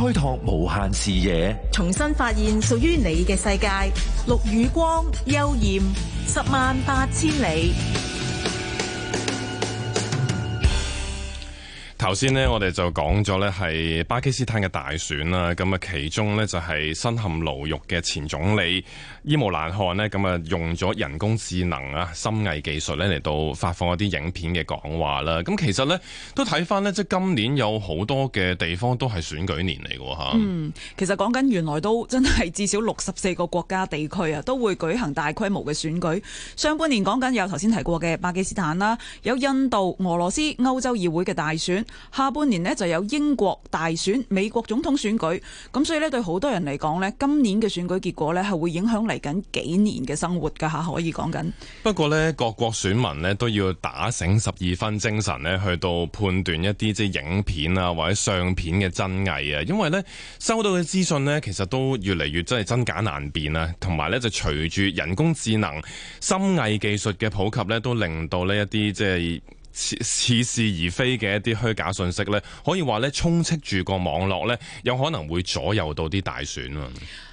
開拓無限視野，重新發現屬於你嘅世界。陸宇光，幽艷十萬八千里。頭先呢，我哋就講咗呢係巴基斯坦嘅大選啦。咁啊，其中呢，就係身陷牢獄嘅前總理伊姆蘭汗呢。咁啊用咗人工智能啊、深偽技術呢嚟到發放一啲影片嘅講話啦。咁其實呢，都睇翻呢，即係今年有好多嘅地方都係選舉年嚟嘅嚇。嗯，其實講緊原來都真係至少六十四個國家地區啊，都會舉行大規模嘅選舉。上半年講緊有頭先提過嘅巴基斯坦啦，有印度、俄羅斯、歐洲議會嘅大選。下半年咧就有英國大選、美國總統選舉，咁所以咧對好多人嚟講咧，今年嘅選舉結果咧係會影響嚟緊幾年嘅生活噶吓，可以講緊。不過呢各國選民咧都要打醒十二分精神咧，去到判斷一啲即係影片啊或者相片嘅真偽啊，因為咧收到嘅資訊呢，其實都越嚟越真係真假難辨啊，同埋呢，就隨住人工智能、深偽技術嘅普及呢都令到呢一啲即係。似是而非嘅一啲虛假信息呢，可以話呢，充斥住個網絡呢，有可能會左右到啲大選啊！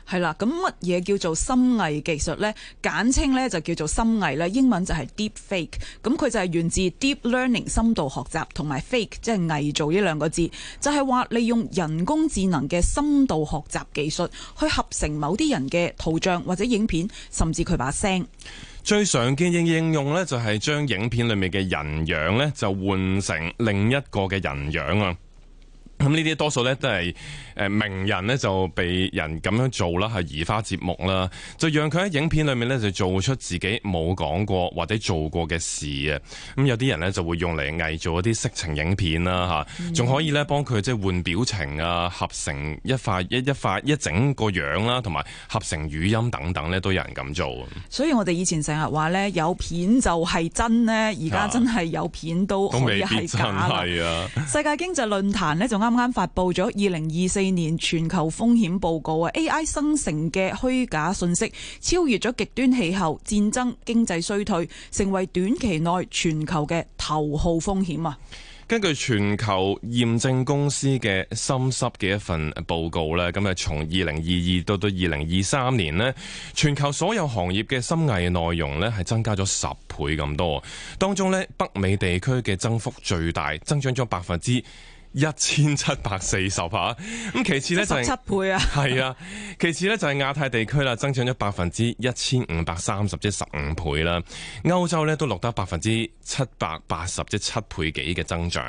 係啦，咁乜嘢叫做深偽技術呢？簡稱呢就叫做深偽呢，英文就係 deep fake。咁佢就係源自 deep learning 深度學習同埋 fake，即係偽造呢兩個字，就係話利用人工智能嘅深度學習技術去合成某啲人嘅圖像或者影片，甚至佢把聲。最常見嘅應用呢，就係將影片裏面嘅人樣呢，就換成另一個嘅人樣啊！咁呢啲多數咧都係誒名人咧就被人咁樣做啦，係移花接木啦，就讓佢喺影片裏面咧就做出自己冇講過或者做過嘅事啊。咁有啲人咧就會用嚟偽造一啲色情影片啦，吓仲、嗯、可以咧幫佢即係換表情啊，合成一發一一塊一整個樣啦，同埋合成語音等等咧都有人咁做。所以我哋以前成日話咧有片就係真咧，而家真係有片都都未必真係啊！世界經濟論壇咧仲啱啱發佈咗二零二四年全球風險報告啊！AI 生成嘅虛假信息超越咗極端氣候、戰爭、經濟衰退，成為短期內全球嘅頭號風險啊！根據全球驗證公司嘅 Sumsub 嘅一份報告咧，咁啊，從二零二二到到二零二三年咧，全球所有行業嘅深偽內容咧係增加咗十倍咁多，當中咧北美地區嘅增幅最大，增長咗百分之一千七百四十吓，咁其次呢就係十七倍啊，係啊，其次呢就係亞太地區啦，增長咗百分之一千五百三十，即十五倍啦。歐洲呢都落得百分之七百八十，即七倍幾嘅增長。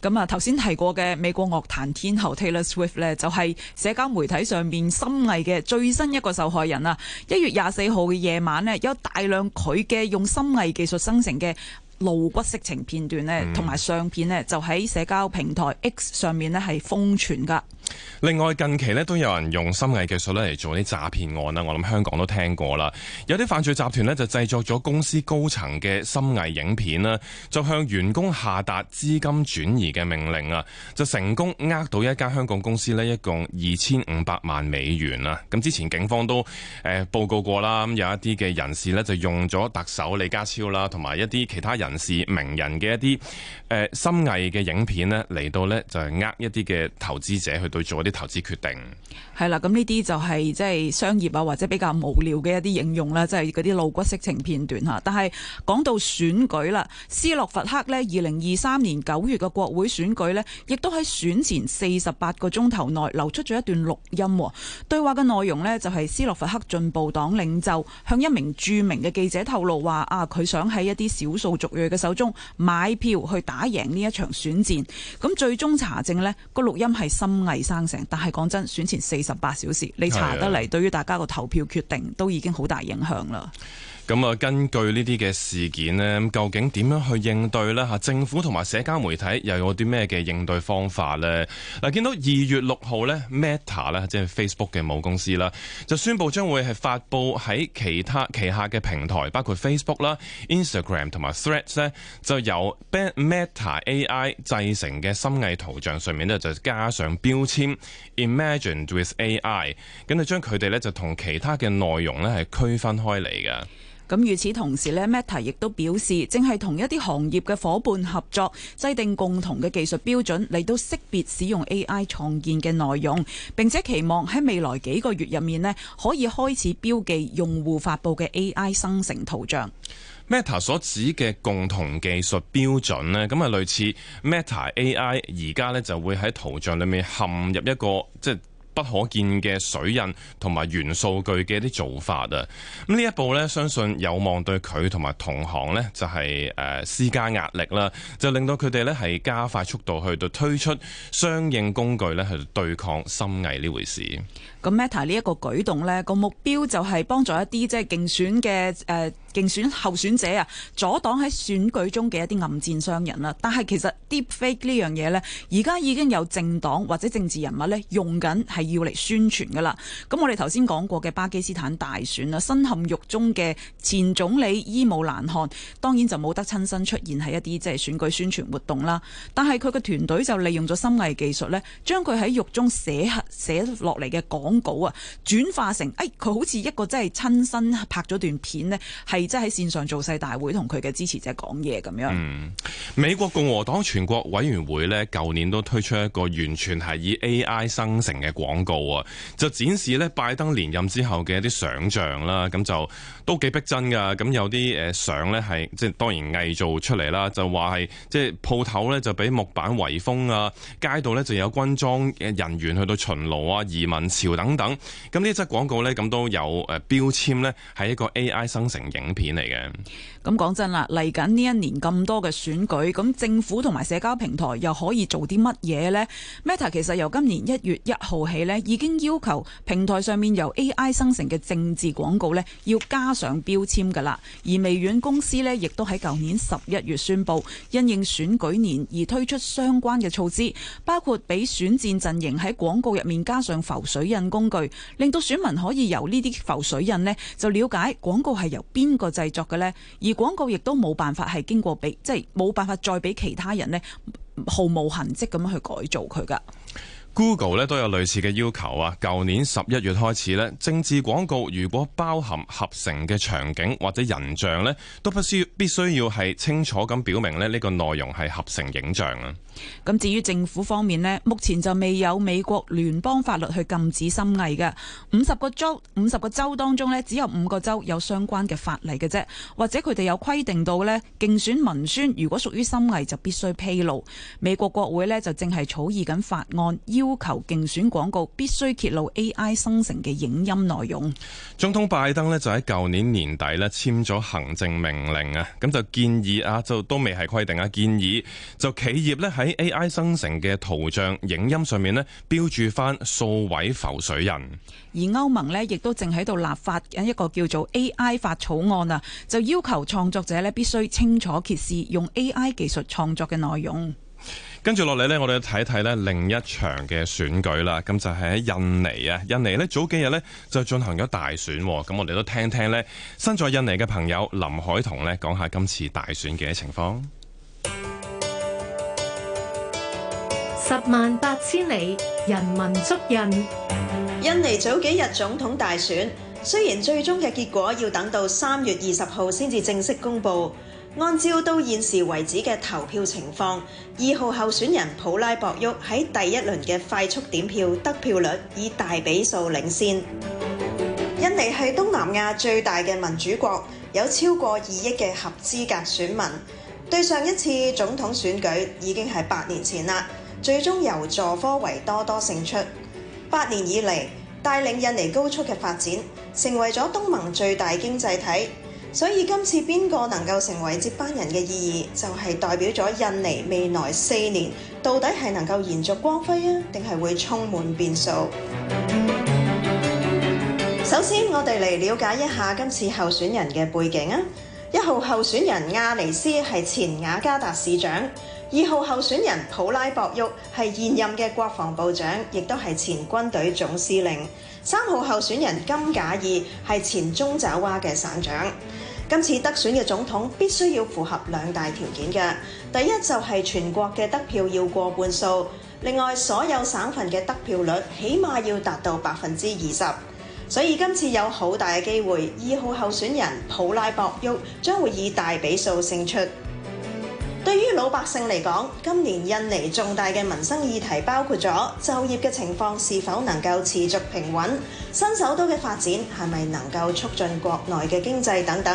咁啊，頭先提過嘅美國樂壇天后 Taylor Swift 呢就係社交媒體上面深偽嘅最新一個受害人啊！一月廿四號嘅夜晚呢有大量佢嘅用深偽技術生成嘅。露骨色情片段咧，同埋相片咧，就喺社交平台 X 上面咧係瘋傳噶。另外近期咧都有人用深偽技術咧嚟做啲詐騙案啦，我諗香港都聽過啦。有啲犯罪集團咧就製作咗公司高層嘅深偽影片啦，就向員工下達資金轉移嘅命令啊，就成功呃到一間香港公司咧，一共二千五百萬美元啊。咁之前警方都誒報告過啦，咁有一啲嘅人士咧就用咗特首李家超啦，同埋一啲其他人士名人嘅一啲誒深偽嘅影片咧嚟到咧就係呃一啲嘅投資者去對做啲。投資決定係啦，咁呢啲就係即係商業啊，或者比較無聊嘅一啲應用啦，即係嗰啲露骨色情片段吓。但係講到選舉啦，斯洛伐克呢，二零二三年九月嘅國會選舉呢，亦都喺選前四十八個鐘頭內流出咗一段錄音。對話嘅內容呢，就係、是、斯洛伐克進步黨領袖向一名著名嘅記者透露話：啊，佢想喺一啲少數族裔嘅手中買票去打贏呢一場選戰。咁最終查證呢、那個錄音係深偽生成的。但係講真，選前四十八小時，你查得嚟，對於大家個投票決定都已經好大影響啦。咁啊，根據呢啲嘅事件呢，究竟點樣去應對呢嚇，政府同埋社交媒體又有啲咩嘅應對方法呢？嗱，見到二月六號呢 Meta 呢即係 Facebook 嘅母公司啦，就宣布將會係發布喺其他旗下嘅平台，包括 Facebook 啦、Instagram 同埋 Threads 呢就由 Meta AI 製成嘅深偽圖像上面呢，就加上標籤 Imagine with AI，咁就將佢哋呢就同其他嘅內容呢係區分開嚟嘅。咁與此同時咧，Meta 亦都表示，正係同一啲行業嘅伙伴合作，制定共同嘅技術標準嚟到識別使用 AI 創建嘅內容，並且期望喺未來幾個月入面咧，可以開始標記用戶發布嘅 AI 生成圖像。Meta 所指嘅共同技術標準咧，咁啊類似 Meta AI 而家咧就會喺圖像裡面嵌入一個即係不可見嘅水印同埋元數據嘅一啲做法啊，咁呢一步咧，相信有望對佢同埋同行咧、就係，就係誒施加壓力啦，就令到佢哋咧係加快速度去到推出相應工具咧，去對抗深偽呢回事。咁 Meta 呢一個舉動咧，個目標就係幫助一啲即係競選嘅誒競選候選者啊，阻擋喺選舉中嘅一啲暗箭傷人啦，啊。但係其實 deepfake 呢樣嘢咧，而家已經有政黨或者政治人物咧用緊，係要嚟宣傳噶啦。咁我哋頭先講過嘅巴基斯坦大選啦，啊，身陷獄中嘅前總理伊姆蘭汗當然就冇得親身出現係一啲即係選舉宣傳活動啦。但係佢嘅團隊就利用咗心藝技術咧，將佢喺獄中寫下寫落嚟嘅講.稿啊，轉化成誒佢好似一個真係親身拍咗段片咧，係即係喺線上造勢大會同佢嘅支持者講嘢咁樣。嗯，美國共和黨全國委員會咧，舊年都推出一個完全係以 AI 生成嘅廣告啊，就展示咧拜登連任之後嘅一啲想象啦，咁就都幾逼真噶。咁有啲誒相咧係即係當然偽造出嚟啦，就話係即係鋪頭咧就俾木板圍封啊，街道咧就有軍裝嘅人員去到巡邏啊，移民潮。等等，咁呢則廣告呢，咁都有誒標籤呢，係一個 AI 生成影片嚟嘅。咁講真啦，嚟緊呢一年咁多嘅選舉，咁政府同埋社交平台又可以做啲乜嘢呢？Meta 其實由今年一月一號起呢，已經要求平台上面由 AI 生成嘅政治廣告呢，要加上標籤噶啦。而微軟公司呢，亦都喺舊年十一月宣布，因應選舉年而推出相關嘅措施，包括俾選戰陣營喺廣告入面加上浮水印。工具令到選民可以由呢啲浮水印呢，就了解廣告係由邊個製作嘅呢？而廣告亦都冇辦法係經過俾，即係冇辦法再俾其他人呢，毫無痕跡咁樣去改造佢㗎。Google 咧都有類似嘅要求啊！舊年十一月開始呢，政治廣告如果包含合成嘅場景或者人像呢，都不需必須要係清楚咁表明呢，呢個內容係合成影像啊。咁至於政府方面目前就未有美國聯邦法律去禁止深偽嘅。五十個州，五十個州當中只有五個州有相關嘅法例嘅啫，或者佢哋有規定到咧，競選文宣如果屬於深偽就必須披露。美國國會就正係草擬緊法案，要求競選廣告必須揭露 AI 生成嘅影音內容。總統拜登咧就喺舊年年底咧簽咗行政命令啊，咁就建議啊，就都未係規定啊，建議就企業咧係。喺 A I 生成嘅圖像、影音上面呢，標註翻數位浮水人。而歐盟呢，亦都正喺度立法緊一個叫做 A I 法草案啊，就要求創作者呢必須清楚揭示用 A I 技術創作嘅內容。跟住落嚟呢，我哋睇睇呢另一場嘅選舉啦。咁就係喺印尼啊，印尼呢早幾日呢就進行咗大選喎。咁我哋都聽聽呢，身在印尼嘅朋友林鎧潼呢講下今次大選嘅情況。十萬八千里，人文足印。印尼早幾日總統大選，雖然最終嘅結果要等到三月二十號先至正式公布。按照到現時為止嘅投票情況，二號候選人普拉博沃喺第一輪嘅快速點票得票率以大比數領先。印尼係東南亞最大嘅民主國，有超過二億嘅合資格選民。對上一次總統選舉已經係八年前啦。最終由佐科維多多勝出，八年以嚟帶領印尼高速嘅發展，成為咗東盟最大經濟體。所以今次邊個能夠成為接班人嘅意義，就係、是、代表咗印尼未來四年到底係能夠延續光輝啊，定係會充滿變數。首先，我哋嚟了解一下今次候選人嘅背景啊。一號候選人亞尼斯係前雅加達市長。二號候選人普拉博沃係現任嘅國防部長，亦都係前軍隊總司令。三號候選人甘查爾係前中爪哇嘅省長。今次得選嘅總統必須要符合兩大條件嘅，第一就係全國嘅得票要過半數，另外所有省份嘅得票率起碼要達到百分之二十。所以今次有好大嘅機會，二號候選人普拉博沃將會以大比數勝出。對於老百姓嚟講，今年印尼重大嘅民生議題包括咗就業嘅情況是否能夠持續平穩、新首都嘅發展係咪能夠促進國內嘅經濟等等。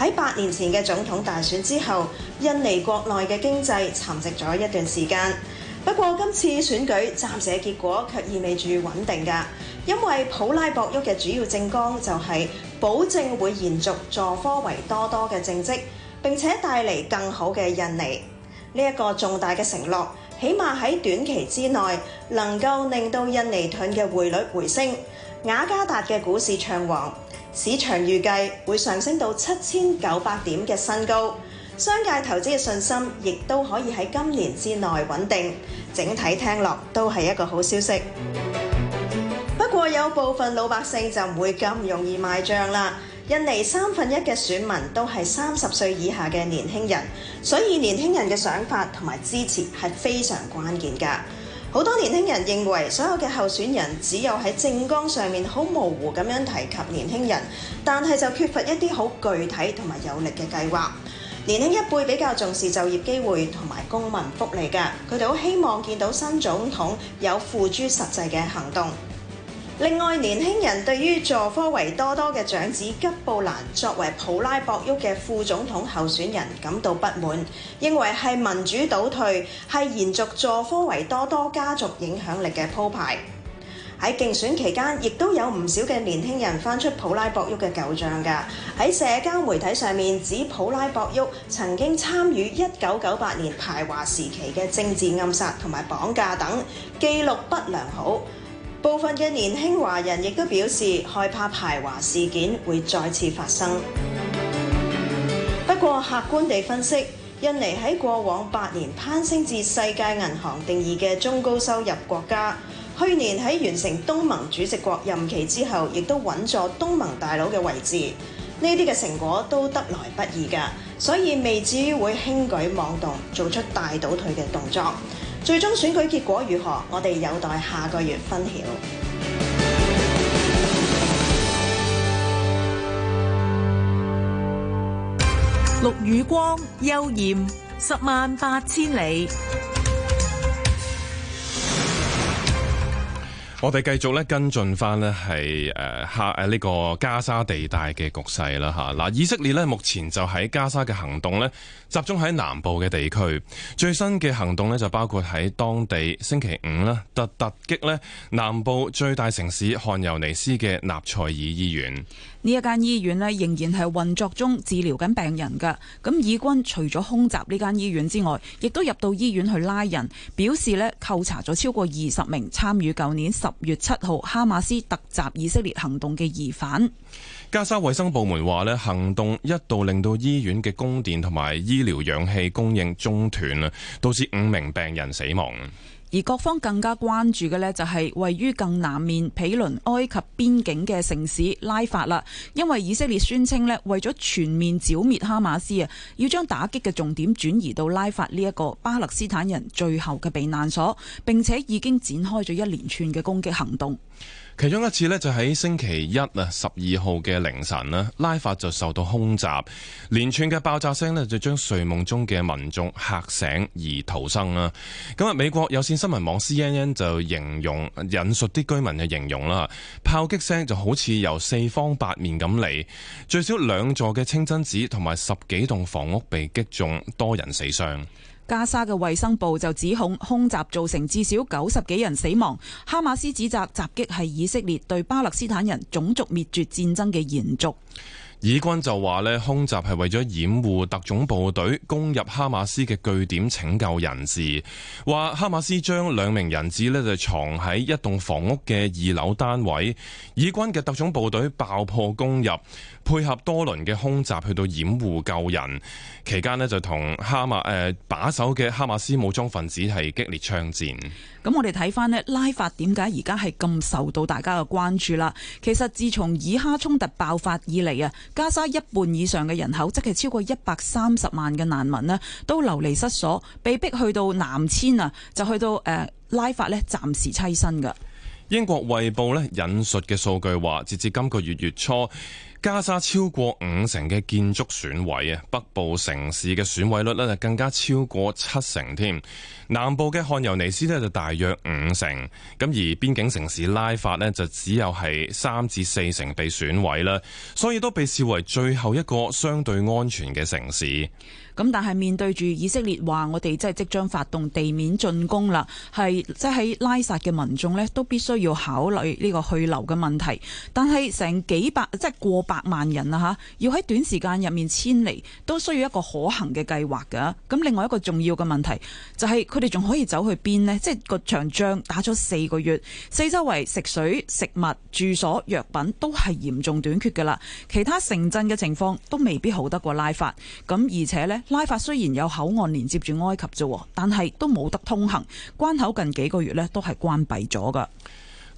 喺八年前嘅總統大選之後，印尼國內嘅經濟沉寂咗一段時間。不過今次選舉暫時嘅結果卻意味住穩定噶，因為普拉博沃嘅主要政綱就係保證會延續佐科維多多嘅政績。並且帶嚟更好嘅印尼呢一個重大嘅承諾，起碼喺短期之內能夠令到印尼盾嘅匯率回升，雅加達嘅股市暢旺，市場預計會上升到七千九百點嘅新高，商界投資嘅信心亦都可以喺今年之內穩定，整體聽落都係一個好消息。不過有部分老百姓就唔會咁容易賣帳啦。印尼三分一嘅選民都係三十歲以下嘅年輕人，所以年輕人嘅想法同埋支持係非常關鍵㗎。好多年輕人認為所有嘅候選人只有喺政綱上面好模糊咁樣提及年輕人，但係就缺乏一啲好具體同埋有力嘅計劃。年輕一輩比較重視就業機會同埋公民福利㗎，佢哋好希望見到新總統有付諸實際嘅行動。另外，年輕人對於佐科維多多嘅長子吉布蘭作為普拉博沃嘅副總統候選人感到不滿，認為係民主倒退，係延續佐科維多多家族影響力嘅鋪排。喺競選期間，亦都有唔少嘅年輕人翻出普拉博沃嘅舊帳㗎。喺社交媒體上面指普拉博沃曾經參與一九九八年排華時期嘅政治暗殺同埋綁架等，記錄不良好。部分嘅年輕華人亦都表示害怕排華事件會再次發生。不過，客觀地分析，印尼喺過往八年攀升至世界銀行定義嘅中高收入國家。去年喺完成東盟主席國任期之後，亦都穩坐東盟大佬嘅位置。呢啲嘅成果都得來不易㗎，所以未至於會輕舉妄動，做出大倒退嘅動作。最終選舉結果如何，我哋有待下個月分曉。陸雨光幽艷，十萬八千里。我哋繼續咧跟進翻呢係誒加誒呢個加沙地帶嘅局勢啦，嚇嗱以色列呢目前就喺加沙嘅行動呢集中喺南部嘅地區，最新嘅行動呢就包括喺當地星期五啦，突突擊呢南部最大城市汗尤尼斯嘅納賽爾醫院。呢一間醫院咧仍然係運作中，治療緊病人嘅。咁以軍除咗空襲呢間醫院之外，亦都入到醫院去拉人，表示咧扣查咗超過二十名參與舊年十月七號哈馬斯突襲以色列行動嘅疑犯。加沙衛生部門話咧，行動一度令到醫院嘅供電同埋醫療氧氣供應中斷啊，導致五名病人死亡。而各方更加關注嘅呢，就係位於更南面毗鄰埃及邊境嘅城市拉法啦。因為以色列宣稱呢，為咗全面剿滅哈馬斯啊，要將打擊嘅重點轉移到拉法呢一個巴勒斯坦人最後嘅避難所，並且已經展開咗一連串嘅攻擊行動。其中一次呢就喺星期一啊，十二號嘅凌晨啦，拉法就受到空襲，連串嘅爆炸聲呢就將睡夢中嘅民眾嚇醒而逃生啦。咁啊，美國有線新聞網 CNN 就形容引述啲居民嘅形容啦，炮擊聲就好似由四方八面咁嚟，最少兩座嘅清真寺同埋十幾棟房屋被擊中，多人死傷。加沙嘅衛生部就指控空襲造成至少九十幾人死亡，哈馬斯指責襲擊係以色列對巴勒斯坦人種族滅絕戰爭嘅延續。以軍就話呢，空襲係為咗掩護特種部隊攻入哈馬斯嘅據點拯救人質，話哈馬斯將兩名人質呢就藏喺一棟房屋嘅二樓單位。以軍嘅特種部隊爆破攻入，配合多輪嘅空襲去到掩護救人期間呢，就同哈馬誒、呃、把守嘅哈馬斯武裝分子係激烈槍戰。咁我哋睇翻呢，拉法點解而家係咁受到大家嘅關注啦？其實自從以哈衝突爆發以嚟啊。加沙一半以上嘅人口，即係超過一百三十萬嘅難民呢都流離失所，被逼去到南遷啊，就去到誒、呃、拉法呢暫時棲身㗎。英國衛報呢引述嘅數據話，截至今個月月初，加沙超過五成嘅建築損毀啊，北部城市嘅損毀率呢就更加超過七成添，南部嘅漢尤尼斯呢就大約五成，咁而邊境城市拉法呢就只有係三至四成被損毀啦，所以都被視為最後一個相對安全嘅城市。咁但係面對住以色列話我哋即係即將發動地面進攻啦，係即係拉撒嘅民眾呢都必須要考慮呢個去留嘅問題。但係成幾百，即係過。百萬人啊！吓，要喺短時間入面遷離，都需要一個可行嘅計劃㗎。咁另外一個重要嘅問題就係佢哋仲可以走去邊呢？即係個場仗打咗四個月，四周圍食水、食物、住所、藥品都係嚴重短缺嘅啦。其他城鎮嘅情況都未必好得過拉法。咁而且呢，拉法雖然有口岸連接住埃及啫，但係都冇得通行，關口近幾個月呢都係關閉咗嘅。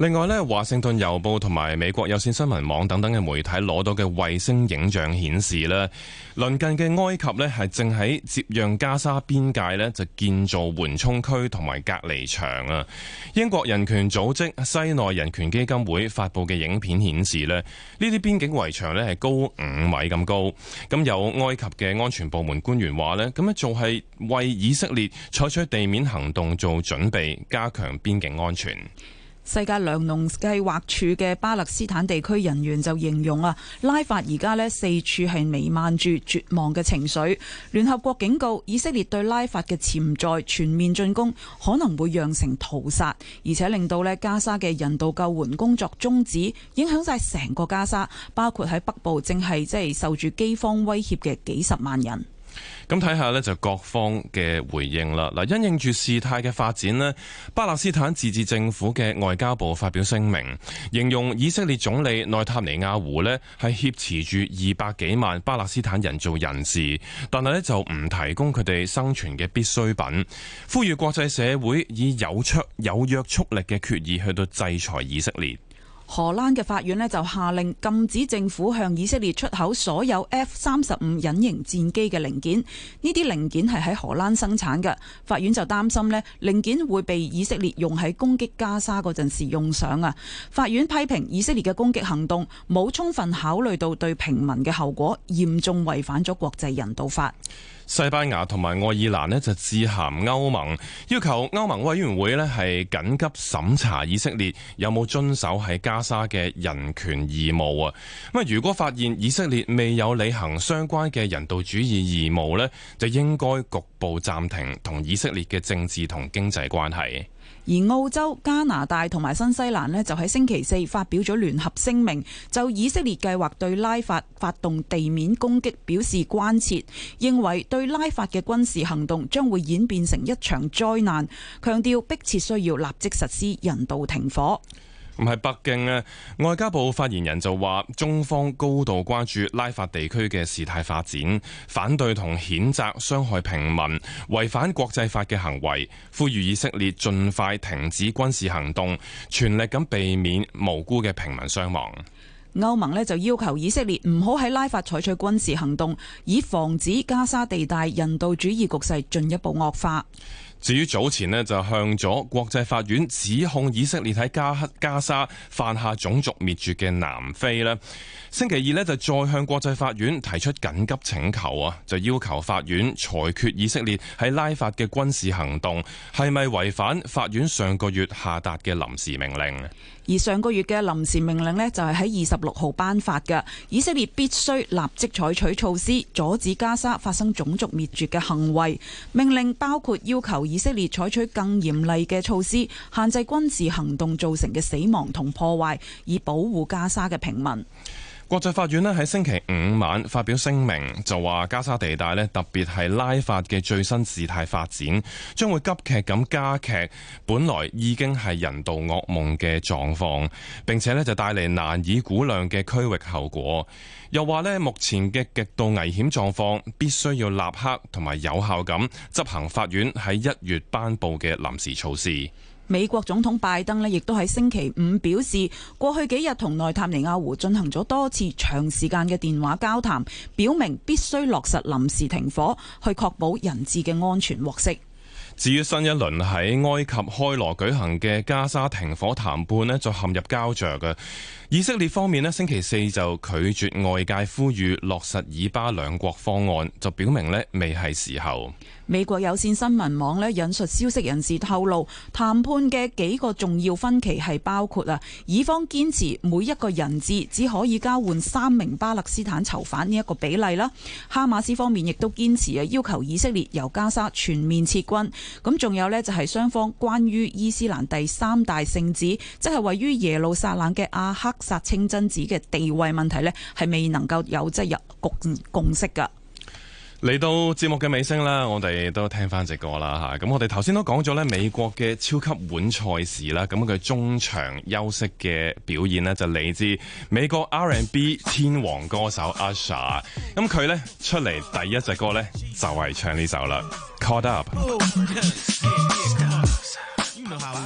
另外呢，華盛頓郵報同埋美國有線新聞網等等嘅媒體攞到嘅衛星影像顯示呢，鄰近嘅埃及呢係正喺接壤加沙邊界呢就建造緩衝區同埋隔離牆啊。英國人權組織西奈人權基金會發布嘅影片顯示呢，呢啲邊境圍牆呢係高五米咁高。咁有埃及嘅安全部門官員話呢，咁樣做係為以色列採取地面行動做準備，加強邊境安全。世界糧農計劃署嘅巴勒斯坦地區人員就形容啊，拉法而家呢四處係瀰漫住絕望嘅情緒。聯合國警告以色列對拉法嘅潛在全面進攻可能會釀成屠殺，而且令到呢加沙嘅人道救援工作終止，影響晒成個加沙，包括喺北部正係即係受住飢荒威脅嘅幾十萬人。咁睇下呢，就各方嘅回應啦。嗱，因應住事態嘅發展，呢巴勒斯坦自治政府嘅外交部發表聲明，形容以色列總理內塔尼亞胡呢係挾持住二百幾萬巴勒斯坦人做人質，但係呢就唔提供佢哋生存嘅必需品，呼籲國際社會以有出有約束力嘅決議去到制裁以色列。荷蘭嘅法院呢就下令禁止政府向以色列出口所有 F 三十五隱形戰機嘅零件，呢啲零件係喺荷蘭生產嘅。法院就擔心呢零件會被以色列用喺攻擊加沙嗰陣時用上啊！法院批評以色列嘅攻擊行動冇充分考慮到對平民嘅後果，嚴重違反咗國際人道法。西班牙同埋愛爾蘭咧就致函歐盟，要求歐盟委員會咧係緊急審查以色列有冇遵守喺加沙嘅人權義務啊！咁如果發現以色列未有履行相關嘅人道主義義務呢，就應該局部暫停同以色列嘅政治同經濟關係。而澳洲、加拿大同埋新西蘭呢，就喺星期四發表咗聯合聲明，就以色列計劃對拉法發動地面攻擊表示關切，認為對拉法嘅軍事行動將會演變成一場災難，強調迫切需要立即實施人道停火。唔係北京咧，啊，外交部發言人就話：中方高度關注拉法地區嘅事態發展，反對同譴責傷害平民、違反國際法嘅行為，呼籲以色列盡快停止軍事行動，全力咁避免無辜嘅平民傷亡。歐盟呢就要求以色列唔好喺拉法採取軍事行動，以防止加沙地帶人道主義局勢進一步惡化。至於早前呢就向咗國際法院指控以色列喺加克加沙犯下種族滅絕嘅南非呢，星期二呢就再向國際法院提出緊急請求啊，就要求法院裁決以色列喺拉法嘅軍事行動係咪違反法院上個月下達嘅臨時命令。而上個月嘅臨時命令呢，就係喺二十六號頒發嘅。以色列必須立即採取措施，阻止加沙發生種族滅絕嘅行為。命令包括要求以色列採取更嚴厲嘅措施，限制軍事行動造成嘅死亡同破壞，以保護加沙嘅平民。國際法院咧喺星期五晚發表聲明就說，就話加沙地帶特別係拉法嘅最新事態發展，將會急劇咁加劇，本來已經係人道噩夢嘅狀況，並且就帶嚟難以估量嘅區域後果。又話目前嘅極度危險狀況，必須要立刻同埋有效咁執行法院喺一月頒布嘅臨時措施。美國總統拜登咧，亦都喺星期五表示，過去幾日同內塔尼亞胡進行咗多次長時間嘅電話交談，表明必須落實臨時停火，去確保人質嘅安全獲釋。至於新一輪喺埃及開羅舉行嘅加沙停火談判咧，就陷入膠着嘅。以色列方面星期四就拒絕外界呼籲落實以巴兩國方案，就表明呢未係時候。美國有線新聞網呢引述消息人士透露，談判嘅幾個重要分歧係包括啊，以方堅持每一個人質只可以交換三名巴勒斯坦囚犯呢一個比例啦。哈馬斯方面亦都堅持啊，要求以色列由加沙全面撤軍。咁仲有呢，就係雙方關於伊斯蘭第三大聖寺即係位於耶路撒冷嘅阿克殺清真寺嘅地位問題咧，係未能夠有即係共共識噶。嚟到節目嘅尾聲啦，我哋都聽翻隻歌啦吓。咁我哋頭先都講咗咧，美國嘅超級碗賽事啦，咁佢中場休息嘅表現呢，就嚟自美國 R&B 天王歌手 Usher。咁佢呢出嚟第一隻歌呢，就係唱呢首啦，Caught Up。Oh.